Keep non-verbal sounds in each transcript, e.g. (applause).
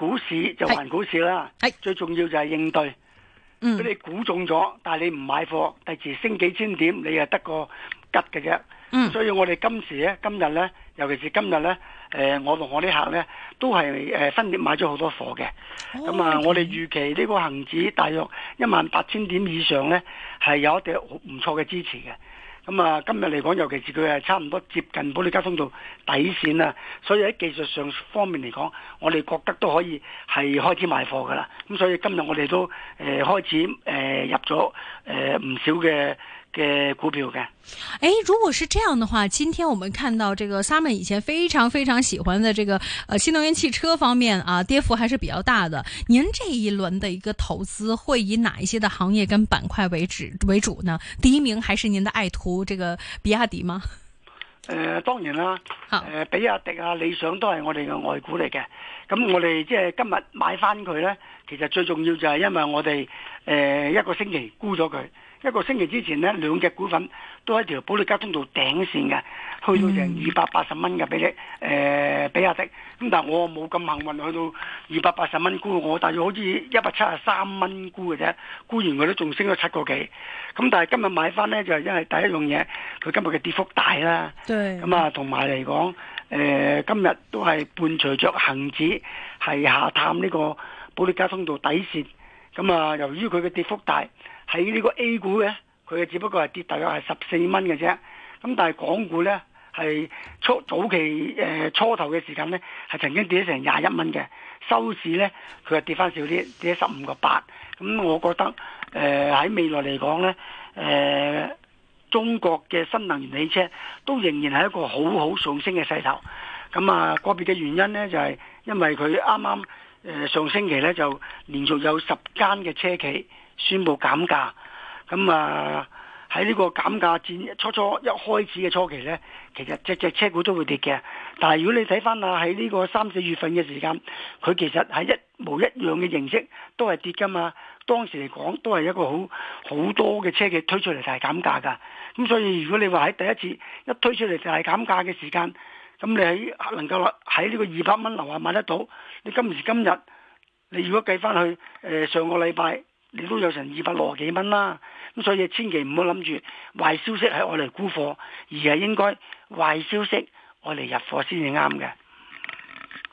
股市就還股市啦，最重要就係應對。如果、嗯、你估中咗，但係你唔買貨，第時升幾千點，你又得個吉嘅啫。嗯、所以我哋今時咧，今日呢，尤其是今日呢，誒、呃，我同我啲客呢，都係誒新年買咗好多貨嘅。咁啊、哦，我哋預期呢個恒指大約一萬八千點以上呢，係有一啲好唔錯嘅支持嘅。咁啊，今日嚟講，尤其是佢係差唔多接近保歷加通道底線啊，所以喺技術上方面嚟講，我哋覺得都可以係開始買貨㗎啦。咁所以今日我哋都誒、呃、開始誒、呃、入咗誒唔少嘅。嘅股票嘅，誒，如果是這樣的話，今天我們看到這個 Summer 以前非常非常喜歡的這個，呃，新能源汽車方面啊，跌幅還是比較大的。您這一輪的一個投資會以哪一些的行業跟板塊為主為主呢？第一名還是您的愛徒這個比亞迪嗎？誒、呃，當然啦好、呃，比亞迪啊，理想都係我哋嘅外股嚟嘅。咁我哋即係今日買翻佢呢，其實最重要就係因為我哋、呃、一個星期沽咗佢。一個星期之前呢，兩隻股份都喺條保利交通道頂線嘅、嗯呃，去到成二百八十蚊嘅比力，誒比亞迪。咁但係我冇咁幸運，去到二百八十蚊沽。我大概好似一百七十三蚊沽嘅啫。沽完佢都仲升咗七個幾。咁但係今日買翻呢，就係、是、因為第一樣嘢，佢今日嘅跌幅大啦。對。咁啊，同埋嚟講，誒、呃、今日都係伴隨著恒指係下探呢個保利交通道底線。咁、嗯、啊，由於佢嘅跌幅大。喺呢個 A 股呢，佢只不過係跌大約係十四蚊嘅啫。咁但係港股呢，係初早期誒、呃、初頭嘅時間呢，係曾經跌咗成廿一蚊嘅。收市呢，佢又跌翻少啲，跌咗十五個八。咁我覺得誒喺、呃、未來嚟講呢，誒、呃、中國嘅新能源汽車都仍然係一個好好上升嘅勢頭。咁啊，個別嘅原因呢，就係、是、因為佢啱啱上星期呢，就連續有十間嘅車企。宣布減價咁啊。喺呢個減價戰初初一開始嘅初期呢，其實隻隻車股都會跌嘅。但係如果你睇翻啊，喺呢個三四月份嘅時間，佢其實係一模一樣嘅形式都係跌㗎嘛。當時嚟講都係一個好好多嘅車嘅推出嚟就係減價㗎。咁所以如果你話喺第一次一推出嚟就係減價嘅時間，咁你喺能夠喺呢個二百蚊樓下買得到，你今時今日你如果計翻去誒上個禮拜，你都有成二百六啊幾蚊啦，咁所以千祈唔好諗住壞消息係愛嚟沽貨，而係應該壞消息愛嚟入貨先至啱嘅。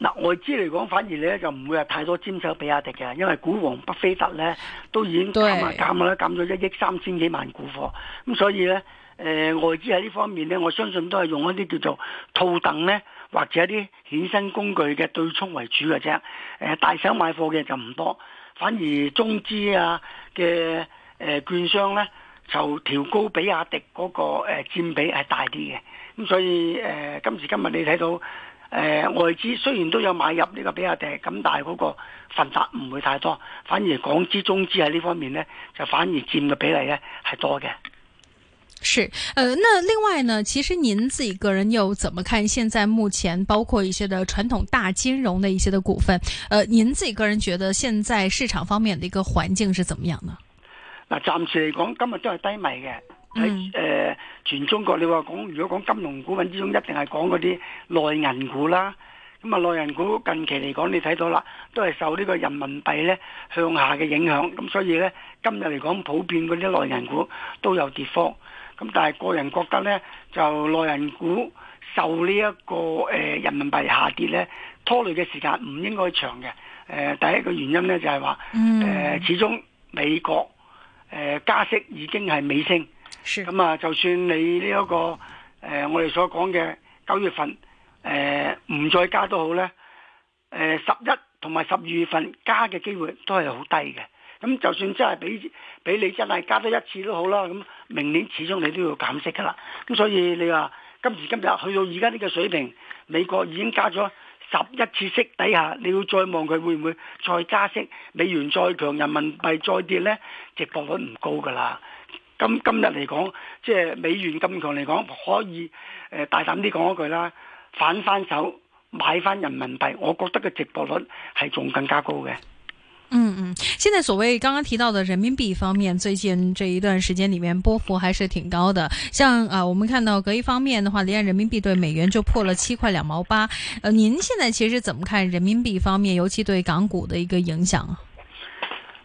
嗱，外資嚟講，反而你咧就唔會話太多尖手比亞迪嘅，因為股王巴菲特咧都已經減啊減啦，減咗一億三千幾萬股貨，咁所以咧、呃，外資喺呢方面咧，我相信都係用一啲叫做套戥咧或者一啲衍生工具嘅對沖為主嘅啫、呃，大手買貨嘅就唔多，反而中資啊嘅、呃、券商咧就調高比亞迪嗰個誒佔比係大啲嘅，咁所以、呃、今時今日你睇到。誒、呃，外資雖然都有買入呢個比亞迪，咁但係嗰個份額唔會太多，反而港資中資喺呢方面呢，就反而佔嘅比例呢係多嘅。是，呃那另外呢，其實您自己個人又怎麼看現在目前包括一些的傳統大金融的一些的股份？呃您自己個人覺得現在市場方面的一個環境是怎麼樣呢？嗱、呃，暫時嚟講，今日都係低迷嘅。誒、呃，全中國你話講，如果講金融股份之中，一定係講嗰啲內銀股啦。咁啊，內銀股近期嚟講，你睇到啦，都係受呢個人民幣呢向下嘅影響。咁所以呢，今日嚟講，普遍嗰啲內銀股都有跌幅。咁但係個人覺得呢，就內銀股受呢、這、一個誒、呃、人民幣下跌呢拖累嘅時間唔應該長嘅。誒、呃，第一個原因呢就是，就係話，誒，始終美國誒、呃、加息已經係尾聲。咁啊，是就算你呢、這、一個誒、呃，我哋所講嘅九月份誒唔、呃、再加都好咧，誒十一同埋十二月份加嘅機會都係好低嘅。咁就算真係俾俾你真係加多一次都好啦，咁明年始終你都要減息噶啦。咁所以你話今時今日去到而家呢個水平，美國已經加咗十一次息底下，你要再望佢會唔會再加息，美元再強，人民幣再跌咧，回報率唔高噶啦。.今今日嚟講，即係美元咁強嚟講，可以誒大膽啲講一句啦，反翻手買翻人民幣，我覺得嘅直播率係仲更加高嘅。嗯嗯，現在所謂剛剛提到嘅人民幣方面，最近這一段時間裡面波幅還是挺高的。像啊、呃，我們看到隔一方面的話，離岸人民幣對美元就破了七塊兩毛八。呃，您現在其實怎麼看人民幣方面，尤其對港股嘅一個影響？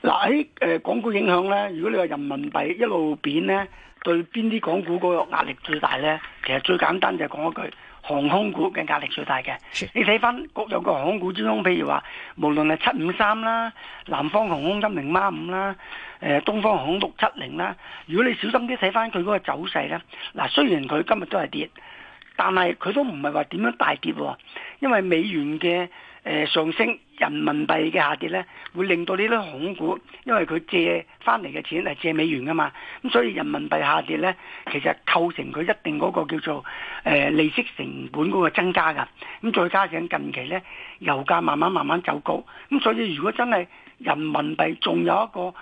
嗱喺港股影響咧，如果你話人民幣一路貶咧，對邊啲港股嗰個壓力最大咧？其實最簡單就係講一句，航空股嘅壓力最大嘅。你睇翻國有個航空股之中，譬如話，無論係七五三啦、南方航空一零孖五啦、誒東方航空六七零啦，如果你小心啲睇翻佢嗰個走勢咧，嗱雖然佢今日都係跌，但係佢都唔係話點樣大跌喎，啊，因為美元嘅。誒、呃、上升，人民幣嘅下跌咧，會令到呢啲航空股，因為佢借翻嚟嘅錢係借美元㗎嘛，咁所以人民幣下跌咧，其實構成佢一定嗰個叫做誒、呃、利息成本嗰個增加㗎。咁再加上近期咧，油價慢慢慢慢走高，咁所以如果真係人民幣仲有一個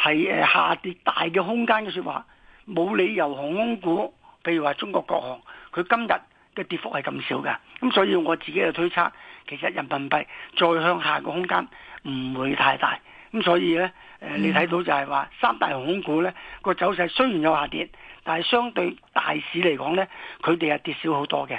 係下跌大嘅空間嘅說話，冇理由航空股，譬如話中國國航，佢今日。嘅跌幅係咁少嘅，咁所以我自己嘅推測，其實人民幣再向下個空間唔會太大，咁所以咧、嗯呃，你睇到就係話三大航空股咧，個走勢雖然有下跌，但係相對大市嚟講咧，佢哋係跌少好多嘅。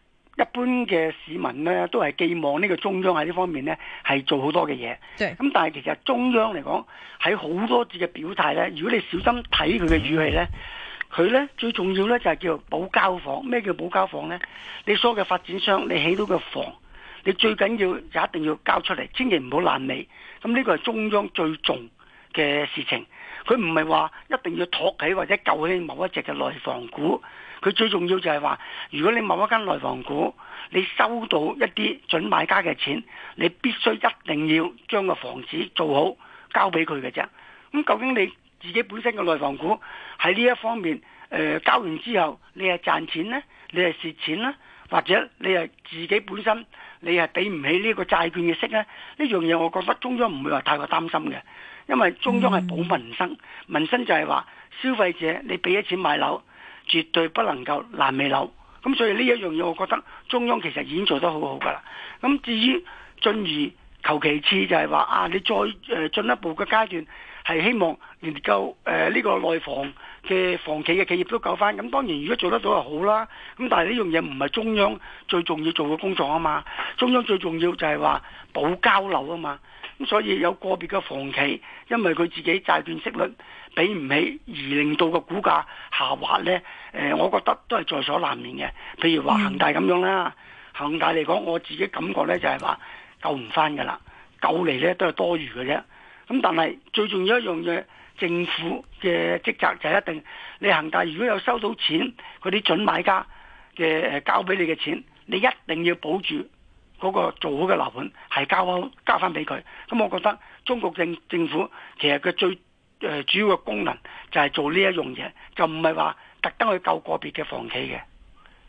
一般嘅市民呢，都係寄望呢個中央喺呢方面呢，係做好多嘅嘢。咁對但係其實中央嚟講，喺好多次嘅表態呢，如果你小心睇佢嘅語氣呢，佢呢最重要呢，就係叫做保交房。咩叫保交房呢？你所有嘅發展商，你起到嘅房，你最緊要就一定要交出嚟，千祈唔好爛尾。咁呢個係中央最重嘅事情。佢唔係話一定要托起或者救起某一隻嘅內房股。佢最重要就係話，如果你某一間內房股，你收到一啲準買家嘅錢，你必須一定要將個房子做好交俾佢嘅啫。咁究竟你自己本身嘅內房股喺呢一方面，誒、呃、交完之後，你係賺錢呢？你係蝕錢呢？或者你係自己本身你係俾唔起呢個債券嘅息呢？呢樣嘢我覺得中央唔會話太過擔心嘅，因為中央係保民生，民生就係話消費者你俾咗錢買樓。絕對不能夠爛尾樓，咁所以呢一樣嘢，我覺得中央其實已經做得好好㗎啦。咁至於進而求其次就，就係話啊，你再誒進一步嘅階段，係希望能夠誒呢個內房。嘅房企嘅企業都救翻，咁當然如果做得到就好啦。咁但係呢樣嘢唔係中央最重要做嘅工作啊嘛，中央最重要就係話保交樓啊嘛。咁所以有個別嘅房企因為佢自己債券息率俾唔起，而令到個股價下滑咧。誒、呃、我覺得都係在所難免嘅。譬如話恒大咁樣啦，恒大嚟講我自己感覺咧就係話救唔翻㗎啦，救嚟咧都係多餘嘅啫。咁但係最重要一樣嘢。政府嘅職責就係一定，你恒大如果有收到錢，嗰啲準買家嘅交俾你嘅錢，你一定要保住嗰個做好嘅樓盤，係交翻交翻俾佢。咁我覺得中國政政府其實佢最誒、呃、主要嘅功能就係做呢一樣嘢，就唔係話特登去救個別嘅房企嘅。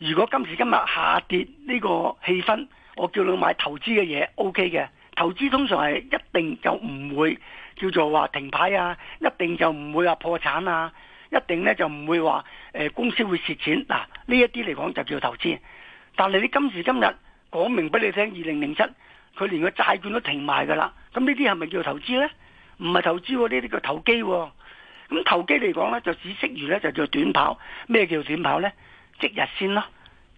如果今時今日下跌呢個氣氛，我叫你買投資嘅嘢 O K 嘅，投資通常係一定就唔會叫做話停牌啊，一定就唔會話破產啊，一定呢就唔會話、呃、公司會蝕錢。嗱呢一啲嚟講就叫投資，但係你今時今日講明俾你聽，二零零七佢連個債券都停埋㗎啦，咁呢啲係咪叫做投資呢？唔係投資喎，呢啲叫投機喎。咁投機嚟講呢，就只適宜呢，就叫短跑。咩叫短跑呢？即日線啦，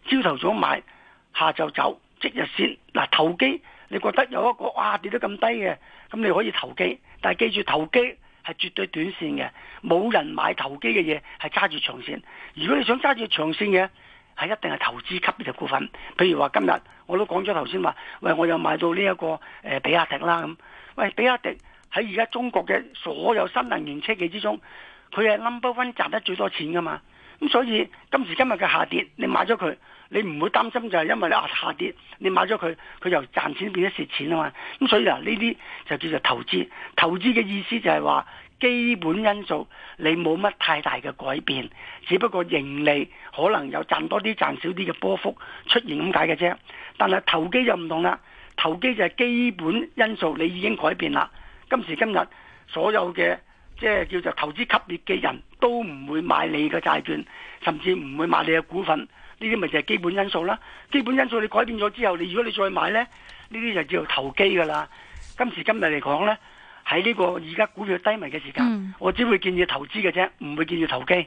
朝頭早買，下晝走，即日線。嗱、啊，投機你覺得有一個哇跌得咁低嘅，咁你可以投機，但係記住投機係絕對短線嘅。冇人買投機嘅嘢係揸住長線。如果你想揸住長線嘅，係一定係投資級嘅股份。譬如話今日我都講咗頭先話，喂，我又買到呢、這、一個誒、呃、比亞迪啦咁。喂，比亞迪喺而家中國嘅所有新能源車企之中，佢係 number one 賺得最多錢㗎嘛。咁所以今時今日嘅下跌，你買咗佢，你唔會擔心就係因為咧、啊、下跌，你買咗佢，佢由賺錢變咗蝕錢啊嘛。咁所以啊，呢啲就叫做投資。投資嘅意思就係話基本因素你冇乜太大嘅改變，只不過盈利可能有賺多啲、賺少啲嘅波幅出現咁解嘅啫。但係投機就唔同啦，投機就係基本因素你已經改變啦。今時今日所有嘅。即係叫做投資級別嘅人都唔會買你嘅債券，甚至唔會買你嘅股份。呢啲咪就係基本因素啦。基本因素你改變咗之後，你如果你再買呢，呢啲就叫做投機㗎啦。今時今日嚟講呢，喺呢個而家股票低迷嘅時間，我只會建議投資嘅啫，唔會建議投機。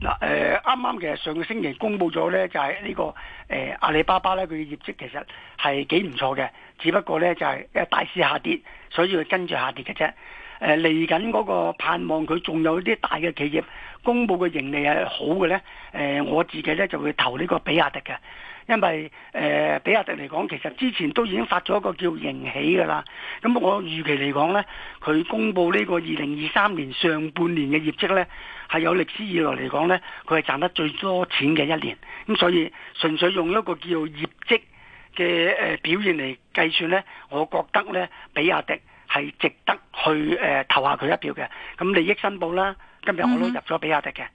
嗱，誒啱啱其實上個星期公布咗咧，就係呢個誒阿里巴巴咧，佢嘅業績其實係幾唔錯嘅，只不過咧就係因為大市下跌，所以佢跟住下跌嘅啫。誒嚟緊嗰個盼望佢仲有啲大嘅企業公布嘅盈利係好嘅咧，誒我自己咧就會投呢個比亞迪嘅。因為誒、呃，比亞迪嚟講，其實之前都已經發咗一個叫盈喜嘅啦。咁我預期嚟講呢，佢公布呢個二零二三年上半年嘅業績呢，係有歷史以來嚟講呢，佢係賺得最多錢嘅一年。咁所以純粹用一個叫業績嘅、呃、表現嚟計算呢，我覺得呢比亞迪係值得去、呃、投下佢一票嘅。咁利益申報啦，今日我都入咗比亞迪嘅。嗯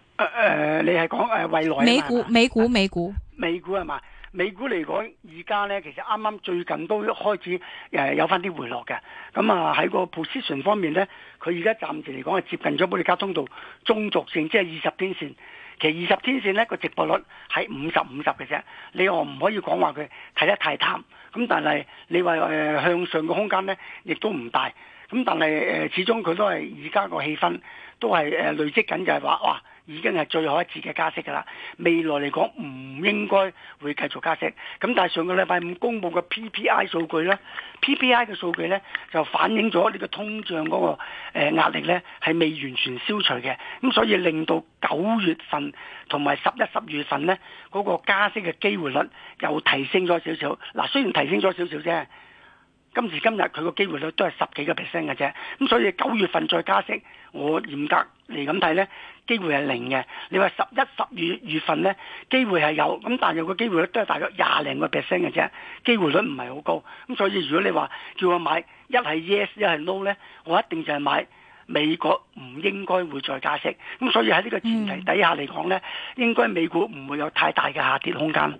誒、呃，你係講誒未來美股，美股，啊、美股，美股係嘛？美股嚟講，而家咧，其實啱啱最近都開始誒有翻啲回落嘅。咁啊，喺個 position 方面咧，佢而家暫時嚟講係接近咗保利加通道中軸線，即係二十天線。其實二十天線呢個值博率係五十五十嘅啫。你我唔可以講話佢睇得太淡。咁但係你話誒向上嘅空間咧亦都唔大。咁但係誒始終佢都係而家個氣氛都係誒累積緊就係話哇。已經係最後一次嘅加息㗎啦！未來嚟講唔應該會繼續加息。咁但係上個禮拜五公佈嘅 PPI 數據呢 (noise) PPI 嘅數據呢，就反映咗呢個通脹嗰個誒壓力呢，係未完全消除嘅。咁所以令到九月份同埋十一、十二月份呢，嗰、嗰個加息嘅機會率又提升咗少少。嗱，雖然提升咗少少啫，今時今日佢個機會率都係十幾個 percent 嘅啫。咁所以九月份再加息，我嚴格嚟咁睇呢，機會係零嘅，你話十一、十二月份呢，機會係有，咁但係有個機會率都係大約廿零個 percent 嘅啫，機會率唔係好高。咁所以如果你話叫我買一係 yes 一係 no 呢，我一定就係買美國唔應該會再加息。咁所以喺呢個前提底下嚟講呢，嗯、應該美股唔會有太大嘅下跌空間。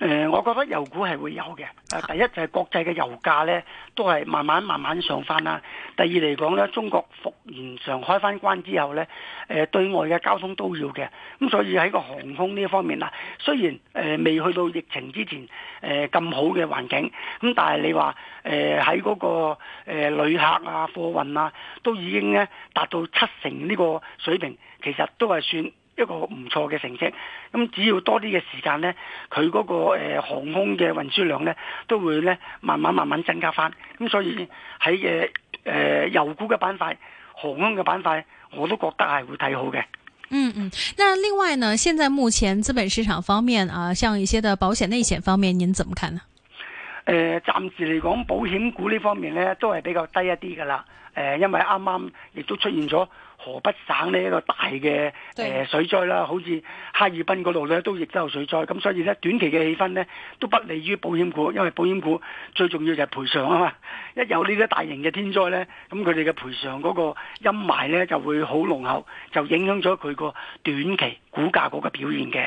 誒，我覺得油股係會有嘅。第一就係國際嘅油價呢，都係慢慢慢慢上翻啦。第二嚟講呢，中國復常開翻關之後呢，呃、對外嘅交通都要嘅。咁所以喺個航空呢方面啦，雖然、呃、未去到疫情之前誒咁、呃、好嘅環境，咁但係你話誒喺嗰個旅客啊、貨運啊，都已經達到七成呢個水平，其實都係算一個唔錯嘅成績，咁只要多啲嘅時間呢，佢嗰、那個誒、呃、航空嘅運輸量呢都會呢慢慢慢慢增加返。咁所以喺嘅誒油股嘅板塊、航空嘅板塊，我都覺得係會睇好嘅。嗯嗯，那另外呢，現在目前資本市場方面啊，像一些的保險內險方面，您怎麼看呢？誒、呃，暫時嚟講，保險股呢方面呢都係比較低一啲噶啦。誒、呃，因為啱啱亦都出現咗。河北省呢一個大嘅水災啦，好似哈爾濱嗰度咧都亦都有水災，咁所以咧短期嘅氣氛咧都不利於保險股，因為保險股最重要就係賠償啊嘛，一有呢啲大型嘅天災咧，咁佢哋嘅賠償嗰個陰霾咧就會好濃厚，就影響咗佢個短期股價嗰個表現嘅。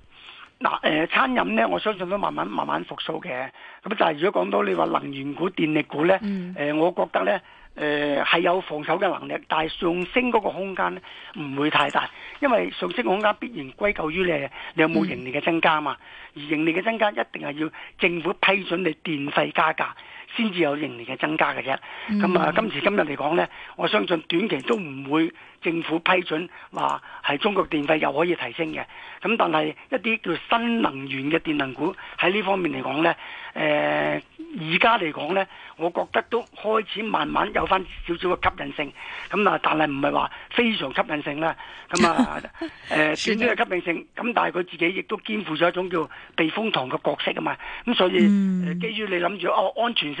嗱，誒、呃、餐飲咧，我相信都慢慢慢慢復甦嘅。咁但係如果講到你話能源股、電力股咧、嗯呃，我覺得咧，誒、呃、係有防守嘅能力，但係上升嗰個空間咧唔會太大，因為上升空間必然歸咎於你，你有冇盈利嘅增加嘛？嗯、而盈利嘅增加一定係要政府批准你電費加價。先至有盈利嘅增加嘅啫，咁啊、嗯、今時今日嚟講呢，我相信短期都唔會政府批准話係中國電費又可以提升嘅。咁但係一啲叫新能源嘅電能股喺呢方面嚟講呢，而家嚟講呢，我覺得都開始慢慢有翻少少嘅吸引性。咁啊，但係唔係話非常吸引性啦。咁啊、誒，少少嘅吸引性。咁但係佢自己亦都肩負咗一種叫避風塘嘅角色啊嘛。咁所以、嗯、基於你諗住哦安全性。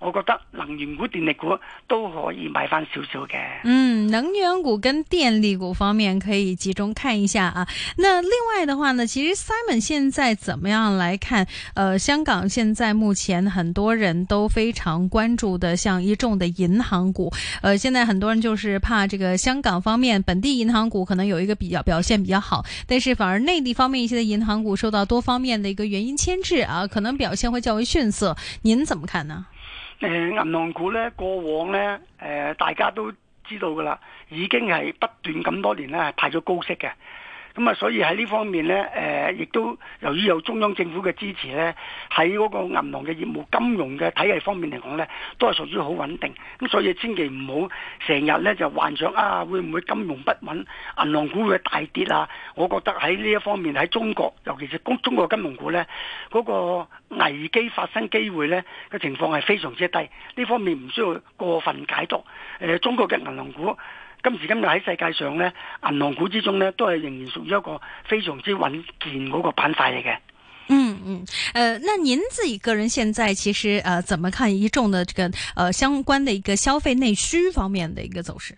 我覺得能源股、電力股都可以買翻少少嘅。嗯，能源股跟電力股方面可以集中看一下啊。那另外的話呢，其實 Simon 現在怎麼樣來看？呃，香港現在目前很多人都非常關注的，像一眾的銀行股。呃，現在很多人就是怕這個香港方面本地銀行股可能有一個比較表現比較好，但是反而內地方面一些的銀行股受到多方面的一個原因牽制啊，可能表現會較為遜色。您怎麼看呢？誒，銀行股咧，過往咧，誒、呃，大家都知道噶啦，已經係不斷咁多年咧，係派咗高息嘅。咁啊，所以喺呢方面呢，誒亦都由於有中央政府嘅支持呢，喺嗰個銀行嘅業務金融嘅體系方面嚟講呢，都係屬於好穩定。咁所以千祈唔好成日呢就幻想啊，會唔會金融不穩，銀行股會大跌啊？我覺得喺呢一方面喺中國尤其是中國金融股呢，嗰個危機發生機會呢個情況係非常之低。呢方面唔需要過分解讀。誒、呃、中國嘅銀行股。今時今日喺世界上呢銀行股之中呢，都係仍然屬於一個非常之穩健嗰個板塊嚟嘅。嗯嗯，誒、呃，那您自己個人現在其實誒、呃，怎麼看一眾的這個誒、呃、相關的一個消費內需方面的一個走勢？誒、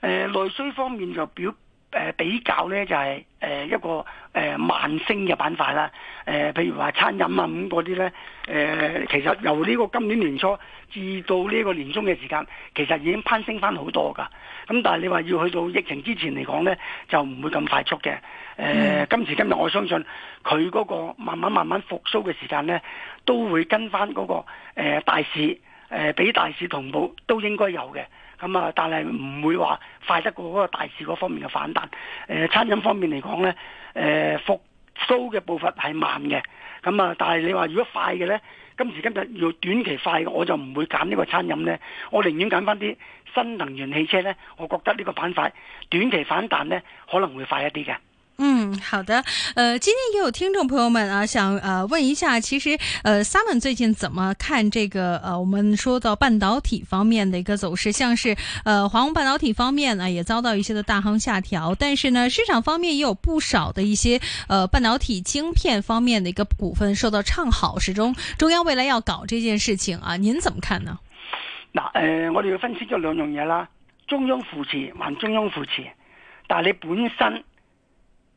呃，內需方面就表。誒、呃、比較呢就係、是、誒、呃、一個誒、呃、慢升嘅板塊啦，誒、呃、譬如話餐飲啊咁嗰啲呢、呃，其實由呢個今年年初至到呢個年終嘅時間，其實已經攀升翻好多噶。咁但係你話要去到疫情之前嚟講呢，就唔會咁快速嘅。誒、呃嗯、今時今日我相信佢嗰個慢慢慢慢復甦嘅時間呢，都會跟翻嗰、那個、呃、大市誒、呃、比大市同步，都應該有嘅。咁啊，但係唔會話快得過嗰個大市嗰方面嘅反彈。誒、呃，餐飲方面嚟講呢，誒復甦嘅步伐係慢嘅。咁啊，但係你話如果快嘅呢？今時今日要短期快嘅，我就唔會揀呢個餐飲呢，我寧願揀返啲新能源汽車呢，我覺得呢個板塊短期反彈呢，可能會快一啲嘅。嗯，好的，呃，今天也有聽眾朋友們啊，想呃問一下，其實呃，Simon 最近怎麼看這個呃，我們說到半導體方面的一個走勢，像是呃，華虹半導體方面呢、啊，也遭到一些的大行下調，但是呢，市場方面也有不少的一些呃，半導體晶片方面的一個股份受到唱好中，始終中央未來要搞這件事情啊，您怎麼看呢？嗱，呃，我哋要分析咗兩樣嘢啦，中央扶持還中央扶持，但係你本身。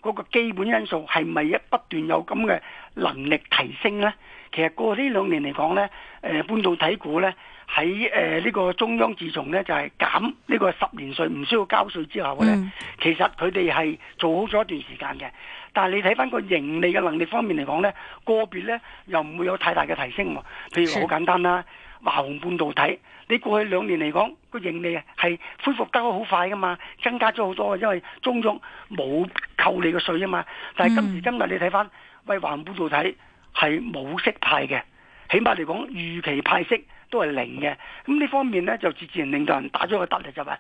嗰個基本因素係咪一不斷有咁嘅能力提升呢？其實過呢兩年嚟講呢誒、呃、半導體股呢，喺誒呢個中央自從呢，就係、是、減呢個十年稅唔需要交稅之後呢，其實佢哋係做好咗一段時間嘅。但係你睇返個盈利嘅能力方面嚟講呢，個別呢，又唔會有太大嘅提升喎。譬如好簡單啦。華虹半導體，你過去兩年嚟講，個盈利啊係恢復得好快噶嘛，增加咗好多，因為中央冇扣你嘅稅啊嘛。但係今時今日你睇翻，喂，華虹半導體係冇息派嘅，起碼嚟講預期派息都係零嘅。咁呢方面咧就自然令到人打咗個突例，就話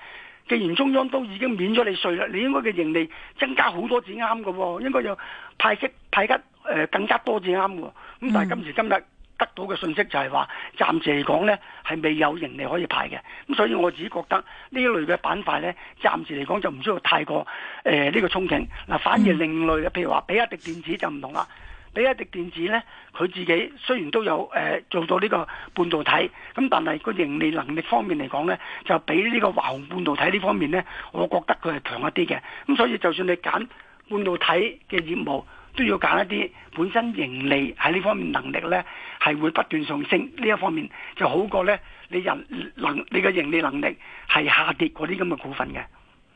既然中央都已經免咗你稅啦，你應該嘅盈利增加好多至啱噶，應該有派息派得誒、呃、更加多至啱噶。咁但係今時今日。得到嘅信息就係話，暫時嚟講呢係未有盈利可以排嘅，咁所以我自己覺得呢類嘅板塊呢，暫時嚟講就唔需要太過誒呢個憧憬。嗱，反而另類嘅，譬如話比亞迪電子就唔同啦，比亞迪電子呢，佢自己雖然都有誒、呃、做到呢個半導體，咁但係個盈利能力方面嚟講呢，就比呢個華虹半導體呢方面呢，我覺得佢係強一啲嘅。咁所以就算你揀半導體嘅業務。都要揀一啲本身盈利喺呢方面能力呢，係會不斷上升，呢一方面就好過呢，你人能你嘅盈利能力係下跌嗰啲咁嘅股份嘅。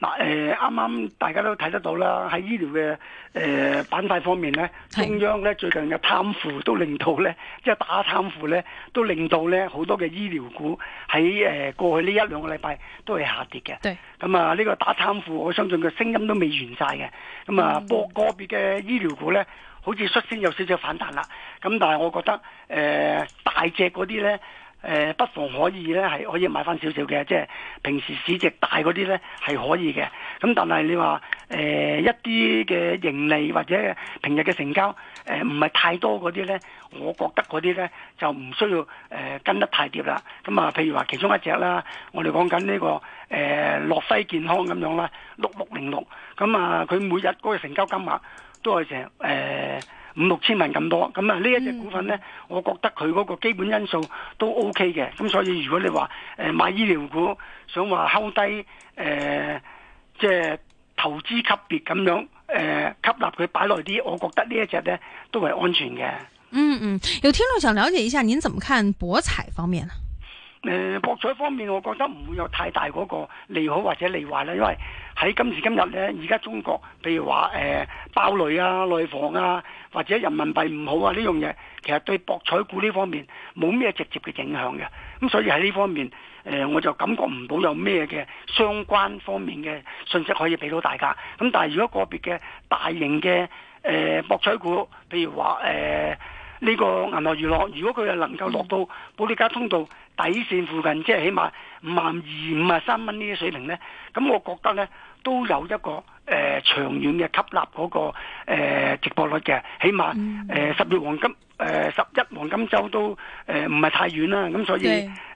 嗱啱啱大家都睇得到啦，喺醫療嘅誒、呃、板塊方面呢，中央呢最近嘅貪腐都令到呢，的即係打貪腐呢，都令到呢好多嘅醫療股喺、呃、過去呢一兩個禮拜都係下跌嘅。咁對啊，呢、呢個打貪腐，我相信個聲音都未完曬嘅。咁啊，波、嗯、個別嘅醫療股呢，好似率先有少少反彈啦。咁但係我覺得誒、呃、大隻嗰啲呢。呃、不妨可以呢，係可以買翻少少嘅，即係平時市值大嗰啲呢，係可以嘅。咁但係你話誒、呃、一啲嘅盈利或者平日嘅成交唔係、呃、太多嗰啲呢，我覺得嗰啲呢就唔需要、呃、跟得太貼啦。咁啊，譬如話其中一隻啦，我哋講緊、這、呢個誒諾、呃、輝健康咁樣啦，六六零六。咁啊，佢每日嗰個成交金額都係成誒。呃五六千萬咁多，咁啊呢一隻股份呢，嗯、我覺得佢嗰個基本因素都 O K 嘅，咁所以如果你話誒、呃、買醫療股，想話睺低誒即係投資級別咁樣誒、呃、吸納佢擺落啲，我覺得這呢一隻呢都係安全嘅。嗯嗯，有聽眾想了解一下，您怎麼看博彩方面啊？誒、呃，博彩方面，我覺得唔會有太大嗰個利好或者利壞啦，因為。喺今時今日呢，而家中國譬如話誒爆雷啊、內房啊，或者人民幣唔好啊呢樣嘢，其實對博彩股呢方面冇咩直接嘅影響嘅。咁所以喺呢方面，誒、呃、我就感覺唔到有咩嘅相關方面嘅信息可以俾到大家。咁但係如果個別嘅大型嘅誒、呃、博彩股，譬如話誒，呃呢個銀河娛樂，如果佢能夠落到保利加通道底線附近，嗯、即係起碼五萬二五萬三蚊呢啲水平呢。咁我覺得呢，都有一個誒、呃、長遠嘅吸納嗰、那個、呃、值博率嘅，起碼誒十月黃金誒十一黃金周都誒唔係太遠啦，咁所以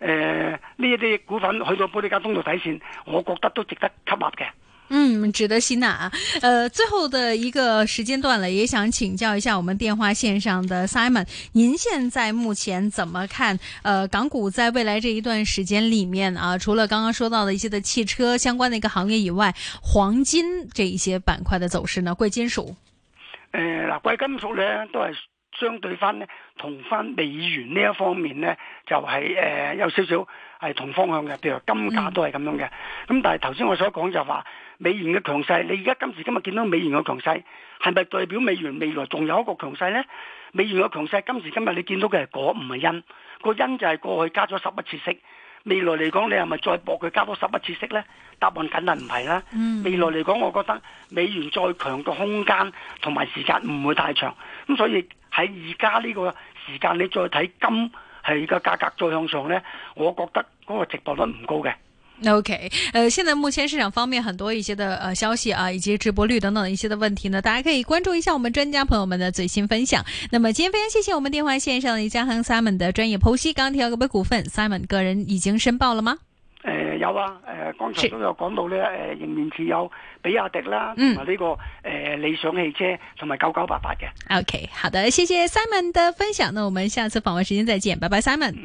誒呢一啲股份去到保利加通道底線，我覺得都值得吸納嘅。嗯，值得吸納。呃，最後的一個時間段了，也想請教一下我們電話線上的 Simon，您現在目前怎麼看？呃，港股在未來這一段時間裏面啊，除了剛剛說到的一些的汽車相關的一個行業以外，黃金這一些板塊的走勢呢？貴金屬？呃嗱，貴金屬呢都係相對翻呢同翻美元呢一方面呢就係、是、呃有少少係同方向嘅，譬如說金價都係咁樣嘅。咁、嗯、但係頭先我所講就話。美元嘅強勢，你而家今時今日見到美元嘅強勢，係咪代表美元未來仲有一個強勢呢？美元嘅強勢，今時今日你見到嘅係果唔係因？個因就係過去加咗十一次息，未來嚟講你係咪再搏佢加多十一次息呢？答案梗係唔係啦。嗯、未來嚟講，我覺得美元再強嘅空間同埋時間唔會太長。咁所以喺而家呢個時間，你再睇金係個價格再向上呢，我覺得嗰個值博率唔高嘅。OK，呃，現在目前市場方面很多一些的呃消息啊，以及直播率等等一些的問題呢，大家可以關注一下我們專家朋友們的最新分享。那麼今天非常謝謝我們電話線上的林家亨 Simon 的專業剖析，剛提到個別股份 Simon 個人已經申報了嗎？呃有啊，呃剛才都有講到呢，是呃仍然持有比亞迪啦，這個、同埋呢個理想汽車同埋九九八八嘅。狗狗白白 OK，好的，謝謝 Simon 的分享。那我們下次訪問時間再見，拜拜，Simon。